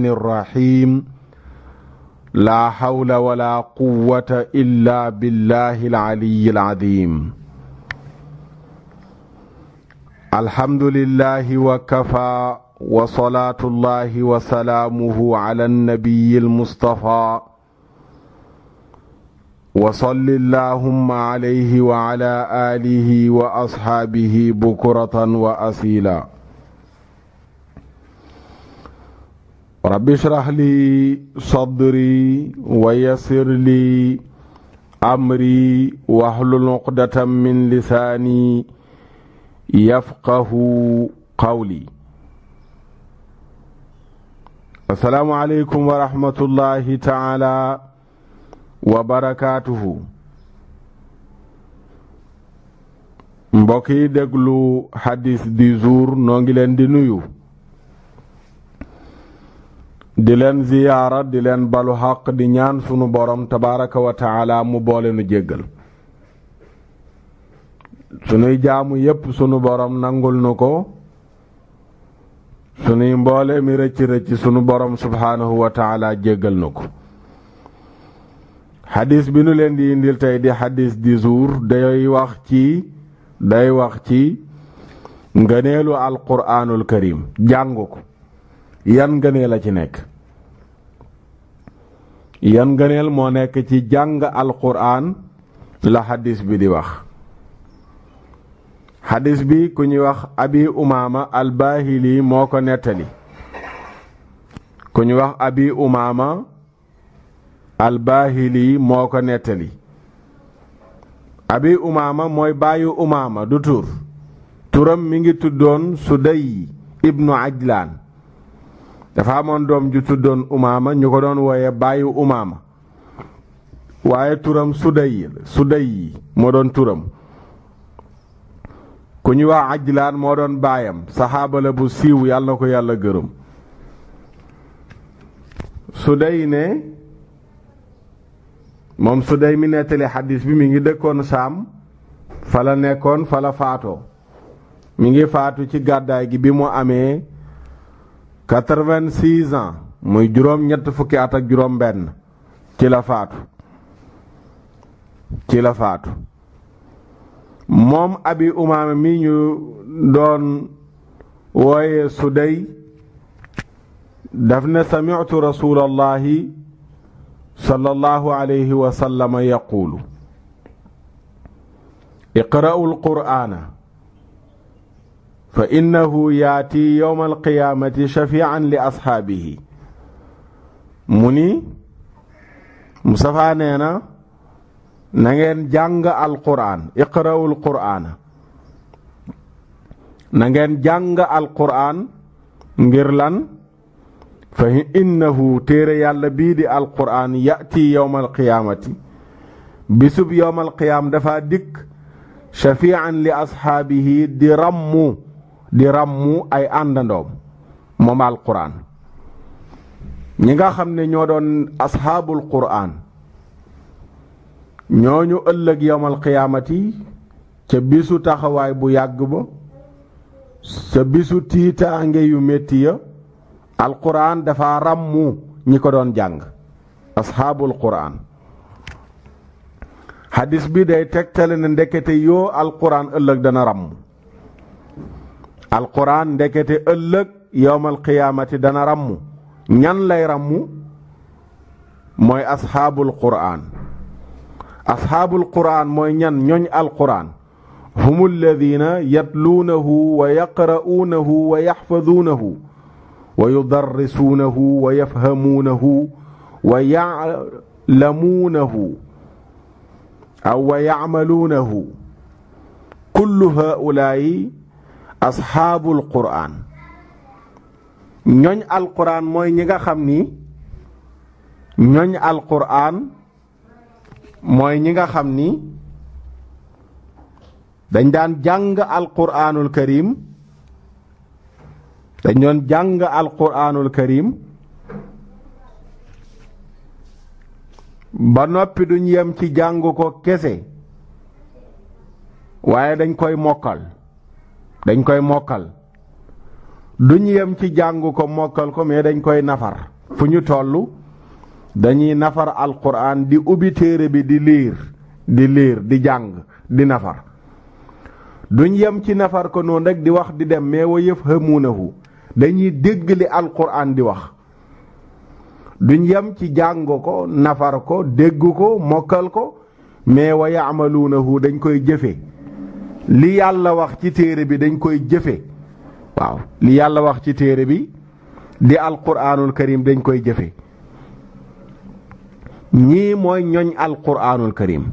الرحيم لا حول ولا قوة إلا بالله العلي العظيم الحمد لله وكفى وصلاة الله وسلامه على النبي المصطفى وصل اللهم عليه وعلى آله وأصحابه بكرة وأصيلاً rabbi shrah li sadri wa yassir li amri wahlul uqdatam min lisaani yafqahu qawli assalaamu aleykum wa rahmatullahi taala wa barakaatuhu mbokk yi déglu hadis du jour noo ngi leen di nuyu di leen ziyaara di leen balu xaq di ñaan sunu borom tabaaraka wa mu boole nu jéggal sunuy jaamu yépp sunu borom nangul nu ko sunuy mboole mi rëcc rëcc sunu borom subhaanahu wa taala jéggal nu ko xadis bi nu leen di indil tey di xadis di jour day wax ci day wax ci ngëneelu alquraanul karim jàng ko yan ngëneel la ci nekk yan ngëneel moo nekk ci jàng alquran la xadis bi di wax xadis bi ku ñuy wax abi umaama albahili moo ko nettali ku wax abi umaama albahili moo ko nettali abi umaama mooy baayu umaama du tur turam mi ngi tuddoon suday ibnu ajlaan dafa amoon doom ju tuddoon umaama ñu ko doon wooye baayu umaama waaye turam suday suday moo doon turam ku ñu wax ajlaan moo doon baayam saxaaba bu siiw yàlla na ko yàlla gërëm suday ne moom suday mi nettali xadis bi mi ngi dëkkoon saam fa la nekkoon fa faatoo mi ngi faatu ci gàddaay gi bi mu amee 86 ans muy juróom ñett fukki at ak juróom ben ci la faatu ci la faatu mom abi umama mi ñu doon wooye sudey daf ne sami'tu rasulallah sallallahu alayhi wa sallam yaquulu iqra'u alqur'ana fa innahu yaati yowma alqiyaamati shafian li asxaabihi mu ni Mustafaa nee na na ngeen jàng alquraan iqra'u alquraana na ngeen jàng alquraan ngir lan fa innahu téere yàlla bii di alquraan ya'ti yowma alqiyaamati bisub yowma alqiyaam dafa dikk shafian li asxaabihi di rammu di ràmmu ay àndandoom moom alquran ñi nga xam ne ñoo doon asxaabul quraan ñooñu ëllëg yowmal qiyaamati ca bisu taxawaay bu yàgg ba ca bisu tiitaange yu métti ya alquran dafa ràmmu ñi ko doon jàng asxaabul quraan xadis bi day tegtale na ndekete yoo alquran ëllëg dana ràmm القران دكتي ألق يوم القيامة دنا رمو نيان لاي رمو موي أصحاب القرآن أصحاب القرآن موي نيان نيون القرآن هم الذين يتلونه ويقرؤونه ويحفظونه ويدرسونه ويفهمونه ويعلمونه أو ويعملونه كل هؤلاء asxaabul quraan ñooñ alquraan mooy ñi nga xam ni ñooñ alquraan mooy ñi nga xam ni dañ daan jàng alquraanul karim dañ doon jàng alquraanul karim ba noppi duñ yem ci jàng ko kese waaye dañ koy mokkal dañ koy mokkal duñ yem ci jàng ko mokkal ko mais dañ koy nafar fu ñu tollu dañuy nafar alquran di ubbi téere bi di liir di liir di jàng di nafar duñ yem ci nafar ko noonu rek di wax di dem mais wa yëf xamuunahu dañuy dégg li alquran di wax duñ yem ci jàng ko nafar ko dégg ko mokkal ko mais wa yamaluunahu dañ koy jëfe li yàlla wax ci téere bi dañ koy jëfe waaw li yàlla wax ci téere bi di alquraanul karim dañ koy jëfe ñii mooy ñoñ alquraanul karim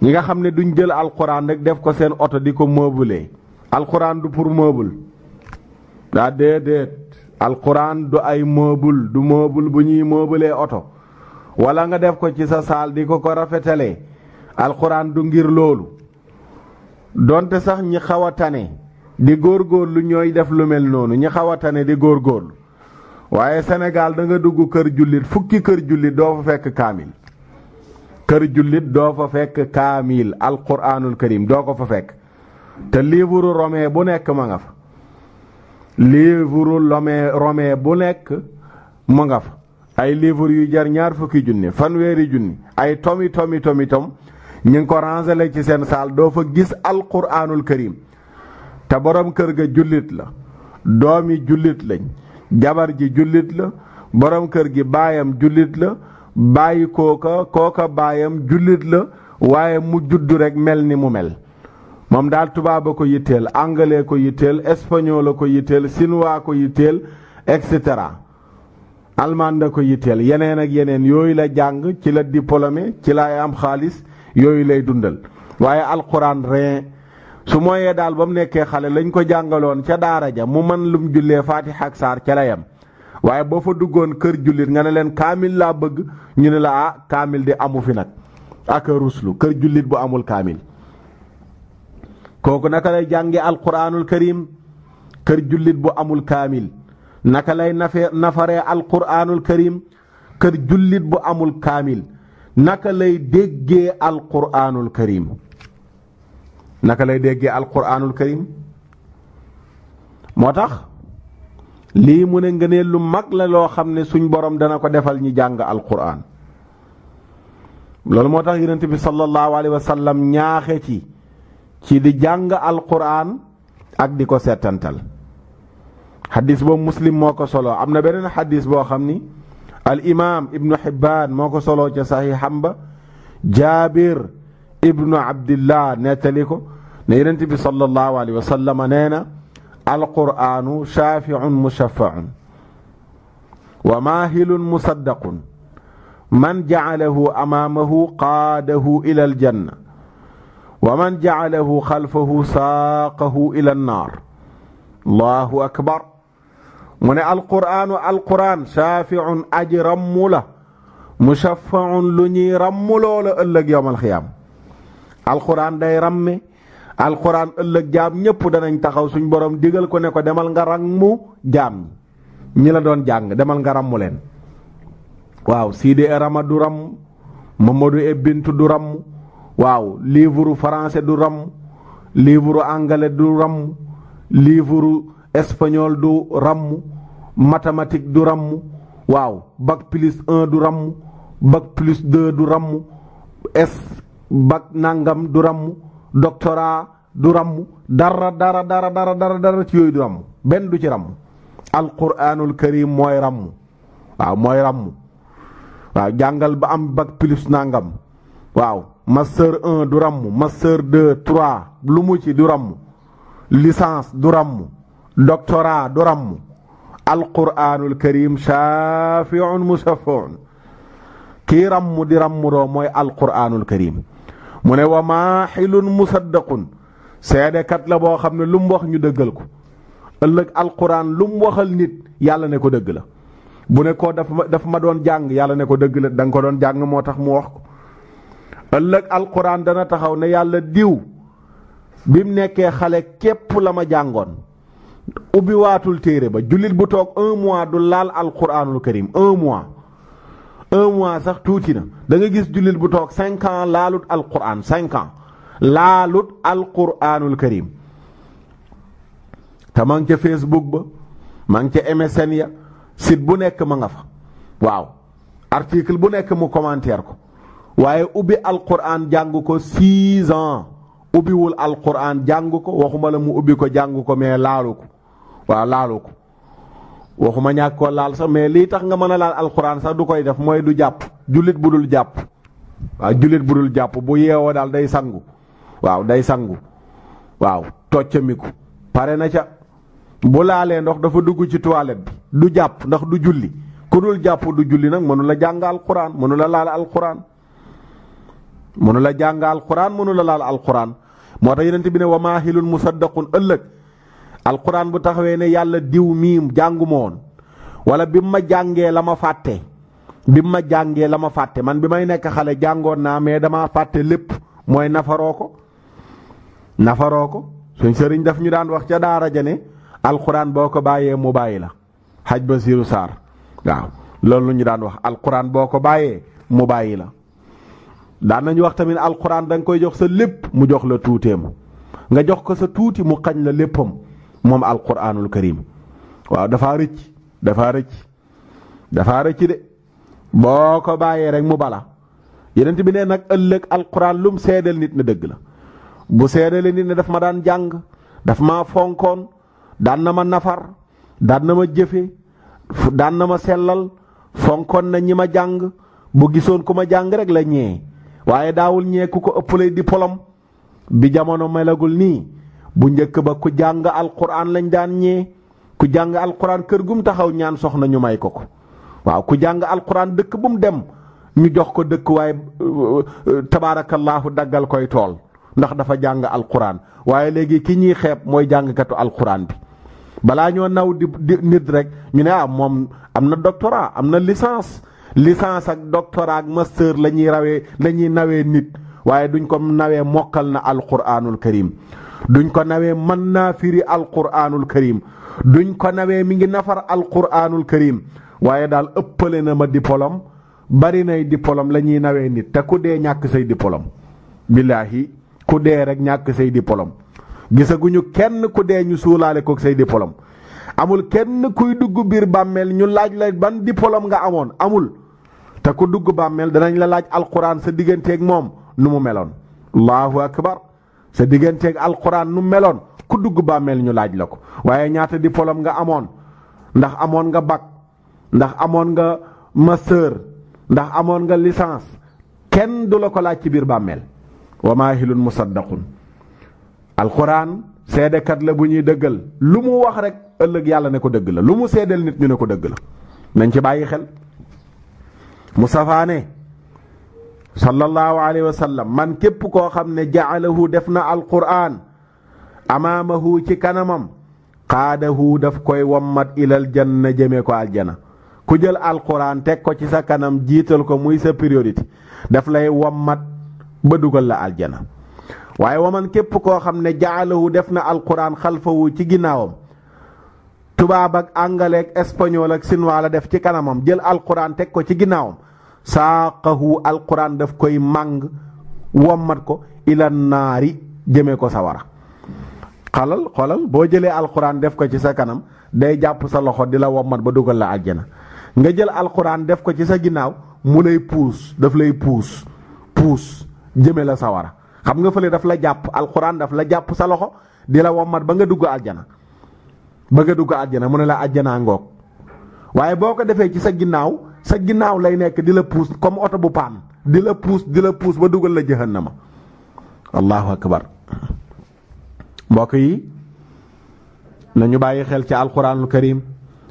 ñi nga xam ne duñ jël alquraan rek def ko seen oto di ko meubler alquraan du pour meuble daa ah, déedéet alquraan du ay meuble du meuble bu ñuy meubler oto walla nga def ko ci sa saal di ko ko rafetalee alquraan du ngir loolu donte sax ñi xaw a tane di góor góorgóorlu ñooy def lu mel noonu ñi xaw a tane di góor góorgóorlu waaye Sénégal da nga dugg kër jullit fukki kër jullit doo fa fekk kaamil kër jullit doo fa fekk kaamil alquranul karim doo ko fa fekk te livre romain bu nekk ma nga fa livre romain bu nekk ma nga fa ay livre yu jar ñaar fukki junni fanweeri junni ay tomi tomi tomi tom ñi ngi ko rangale ci seen saal doo fa gis alquranul karim te borom kër ga jullit la doomi jullit lañ jabar ji jullit la borom kër gi baayam jullit la bàyyi kooka kooka baayam jullit la waaye mu juddu rekk mel ni mu mel moom daal tubaaba ko yitteel anglais ko yitteel espagnol ko yitteel chinois ko yitteel et cetera almande ko yitteel yeneen ak yeneen yooyu la jàng ci la diplômé ci la am xaalis yooyu lay dundal waaye alxuraan rien su mooyee daal ba mu nekkee xale lañ ko jàngaloon ca daara ja mu man lum jullee faatiha ak saar ca yam waaye boo fa duggoon kër jullit nga ne leen kaamil laa bëgg ñu ne la ah kaamil di amu fi nag ak ruslu kër jullit bu amul kaamil kooku naka lay jànge alquranul karim kër jullit bu amul kaamil naka lay nafe nafaree alquranul karim kër jullit bu amul kaamil naka lay déggee alquraanul karim naka lay déggee alquraanul karim moo tax lii mu ne ngëneel lu mag la loo xam ne suñ borom dana ko defal ñi jàng alquraan loolu moo tax yonent bi sallallahu alayhi wa sallam ñaaxe ci ci di jàng alquraan ak di ko seetantal xadis boobu muslim moo ko soloo am na beneen xadis boo xam ni al imam ibnu xibbaan moo ko soloo ca saxiixam ba jaabir ibnu abdillah nettali ko ne yonent bi sallallahu alayhi wa sallam nee na alqur'aanu shaaficun mushaffaun wa maahilun musaddaqun man jacalahu amaamahu qaadahu ila aljanna wa man jacalahu khalfahu saaqahu ila annaar allahu akbar mu ne alquraanu alquraan shaafiun aji rammu la mushaffaun lu ñuy rammuloo la ëllëg yowmal xiyaam alquraan day ramme alquraan ëllëg jaam ñépp danañ taxaw suñ borom digal ko ne ko demal nga rammu jaam ñi la doon jàng demal nga rammu leen waaw Sidi Rama du ramm Mamadou E Bintu du ramm waaw livre français du ramm livre anglais du ramm livre espagnol du ramm mathématique du ràmm waaw bac plus un du ràmm bac plus du rammu S bac nangam du ràmm doctorat du ràmm dara dara dara dara dara du ràmm benn du ci ràmm alquranul karim mooy ràmm waaw mooy ràmm waaw jàngal ba am bac plus nangam waaw master un du ràmm master deux trois lu mu ci du ràmm licence du ràmm doctorat du ràmm alquraanul karim mu musaffaun kii rammu di rammudoo mooy alquraanul karim mu ne wa mu maaxilun musaddaqun seedekat la boo xam ne lu mu wax ñu dëggal ko ëllëg alquraan lu mu waxal nit yàlla ne ko dëgg la bu ne ko dafa daf ma doon jàng yàlla ne ko dëgg la da ko doon jàng moo tax mu wax ko ëllëg alquraan dana taxaw ne yàlla diw bi mu nekkee xale képp la ma jàngoon ubbi waatul téere ba jullit bu toog un mois du laal alquranul karim un mois un mois sax tuuti na da nga gis jullit bu toog cinq ans laalut alquran cinq ans laalut alquranul karim te ma ngi ca facebook ba ma ngi ca msn ya site bu nekk ma nga fa waaw article bu nekk mu commentaire ko waaye ubbi alquran jàng ko six ans ubiwul alquran jangu ko waxuma la mu ubi ko jangu ko me laalu ko wa laalu ko waxuma ñàkk ko laal sax me li tax nga mën laal alquran sax du koy def moy du japp julit budul japp wa julit budul japp bu yewo dal day sangu waaw day sangu waaw toccamiku pare na ca bu laalee ndox dafa dugg ci toilette bi du japp ndax du julli ku dul japp du julli nak mënu la jàng alquran mënu la laal alquran mënu la alquran mënu la laal alquran moo tax yonent bi ne wa maahilun musaddaqun ëllëg alxuraan bu taxawee ne yàlla diw miim jàngu ma woon wala bi ma jàngee la ma fàtte bi ma jàngee la ma fàtte man bi may nekk xale jàngoon naa mais damaa fàtte lépp mooy nafaroo ko nafaroo ko suñ sëriñ daf ñu daan wax ca daara ja ne alxuraan boo ko bàyyee mu bàyyi la xaj ba siiru saar waaw loolu lu ñu daan wax alquran boo ko bàyyee mu bàyyi la daan nañu wax tamit alxuraan da koy jox sa lépp mu jox la mu nga jox ko sa tuuti mu xañ la léppam moom alxuraanul karim waaw dafaa rëcc dafaa rëcc dafaa rëcc de boo ko bàyyee rek mu bala yenent bi ne nag ëllëg alxuraan lum seedal nit na dëgg la bu seedale nit ne daf ma daan jàng daf maa fonkoon daan na ma nafar daan na ma jëfe daan na ma sellal fonkoon na ñi ma jàng bu gisoon ku ma jàng rek la ñee waaye daawul ñee ku ko di diplôme bi jamono melagul nii bu njëkk ba ku jàng alquran lañ daan ñee ku jàng alquran kër gum taxaw ñaan soxna ñu may ko ko waaw ku jàng alquran dëkk bu mu dem ñu jox ko dëkk waaye euh, euh, tabaarakallaahu daggal koy tool ndax dafa jàng alquran waaye léegi kii ñuy xeeb mooy jàngkatu alquran bi balaa ñoo naw di nit rek ñu ne ah moom am na doctorat am na licence licence ak doctorat ak master la ñuy rawee la nawee nit waaye duñ ko nawee mokkal na alquraanul karim duñ ko nawee mën naa firi alquraanul karim duñ ko nawee mi ngi nafar alquraanul karim waaye daal ëppale na ma diplôme bari nay diplôme la ñuy nawee nit te ku dee ñàkk say diplôme billaahi ku dee rek ñàkk say diplôme gisaguñu kenn ku dee ñu suulaale kook di diplôme amul kenn kuy dugg biir bàmmeel ñu laaj la ban di polom nga amoon amul te ku dugg bàmmeel danañ la laaj alxuraan sa digganteeg moom nu mu meloon allahu akbar sa digganteeg alquran nu meloon ku dugg bàmmeel ñu laaj la ko waaye ñaata di polom nga amoon ndax amoon nga bac ndax amoon nga master ndax amoon nga licence kenn du la ko laaj ci biir bàmmeel wa maahilun musaddaqun alquran seedekat la bu ñuy dëggal lu mu wax rek ëllëg yàlla ne ko dëgg la lu mu seedeel nit ñu ne ko dëgg la nañ ci bàyyi xel mu safaane sallallahu alayhi wa sallam man képp koo xam ne jaalahu def na alxuraan amaamahu ci kanamam xaadahu daf koy wammat ilal na jëme ko aljana ku jël alqur'aan teg ko ci sa kanam jiital ko muy sa priorité daf lay wammat ba dugal la aljana waaye man képp koo xam ne jaalahu def na alxuraan xalfawu ci ginnaawam tubaab ak anglais ak espagnol ak sinwaa def ci kanamam jël alqur'aan teg ko ci ginnaawam saaqahu alquran daf koy màng wommat ko ila naari jëmee ko sawara xalal xolal boo jëlee alxuraan def ko ci sa kanam day jàpp sa loxo di la wommat ba dugal la aljana nga jël alxuraan def ko ci sa ginnaaw mu lay puus daf lay puus puus jëme la sawara xam nga fële daf la jàpp alxuraan daf la jàpp sa loxo di la wommat ba nga dugg aljana ba nga dugg aljana mu ne la aljana ngoog waaye boo ko defee ci sa ginnaaw sa ginnaaw lay nekk di la puus comme auto bu pan di la puus di la puus ba dugal la jahannama allahu akbar mbok yi nañu bàyyi xel ci alquranul karim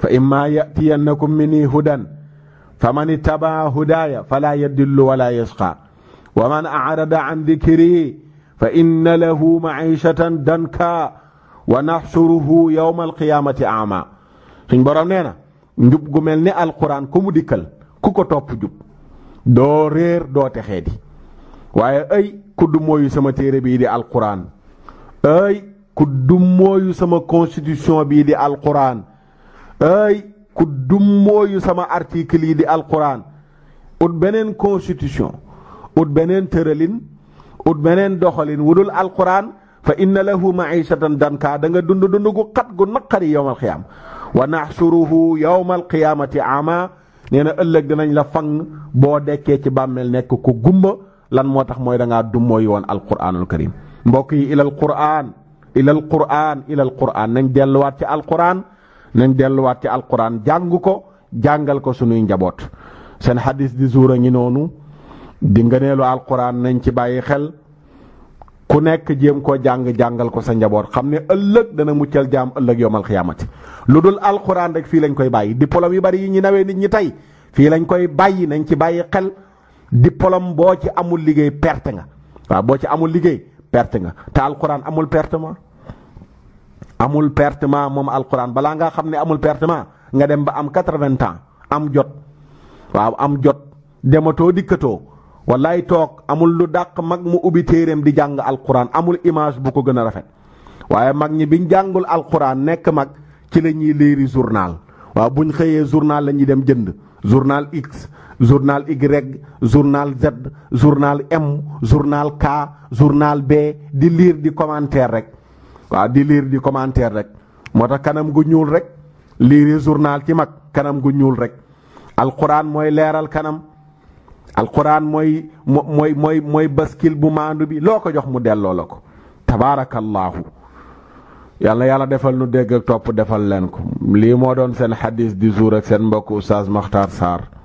fa imma yatiyannakum mini hudan فمن اتبع هداي فلا يدل ولا يشقى ومن أعرض عن ذكري فإن له معيشة دنكا ونحشره يوم القيامة أعمى سن برام نينا njub gu melni alquran ku mu dikkal ku ko topp jub doo réer doo texee di waaye ay kudd du mooyu sama téere bii di alquran ay kudd du mooyu sama constitution bii di alquran ay kudd du mooyu sama article yi di alquran ut beneen constitution ut beneen tëralin ut beneen doxalin wudul alquran fa inna lahu maishatan dankaa da nga dund dund gu xat gu naqari yowmal xiyaam wa naxsuruhu yawma alqiyaamati ama nee na ëllëg dinañ la fang boo dekkee ci bàmmeel nekk ko gumba lan moo tax mooy da ngaa dum mooy woon alquraanul karim mbokk yi ilal quraan ilal quraan ilal quraan nañ delluwaat ci alquraan nañ delluwaat ci alquraan jàng ko jàngal ko sunuy njaboot seen xadis di zuur a ngi noonu di ngëneelu alquraan nañ ci bàyyi xel ku nekk jéem koo jàng jàngal ko sa njaboot xam ne ëllëg dana muccal jaam ëllëg yomal xiyaamati lu dul alxuraan rek fii lañ koy bàyyi diplôme yi bari yi ñu nawee nit ñi tey fii lañ koy bàyyi nañ ci bàyyi xel di diplôme boo ci amul liggéey perte nga waaw boo ci amul liggéey perte nga te alxuraan amul pertement amul pertement moom alxuraan balaa ngaa xam ne amul pertement nga dem ba am quatre-vingts ans am jot waaw am jot dematoo dikkatoo wallaay toog amul lu dàq mag mu ubbi téeréem di jàng alquran amul image bu ko gën a rafet waaye mag ñi biñ jàngul alxuraan nekk mag ci la ñuy liiri journal waaw buñ xëyee journal la ñuy dem jënd journal X journal Y journal Z journal M journal K journal B di liir di commentaire rek waa di liir di commentaire rek moo tax kanam gu ñuul rek liiri journal ci mag kanam gu ñuul rek alquran mooy leeral kanam. alquran mooy mooy mooy mooy baskil bu maandu bi loo ko jox mu delloo la ko tabaarakallaahu yàlla yàlla defal nu dégg ak topp defal leen ko lii moo doon seen xadis di jour ak seen mbokku oustaz Makhtar Sarr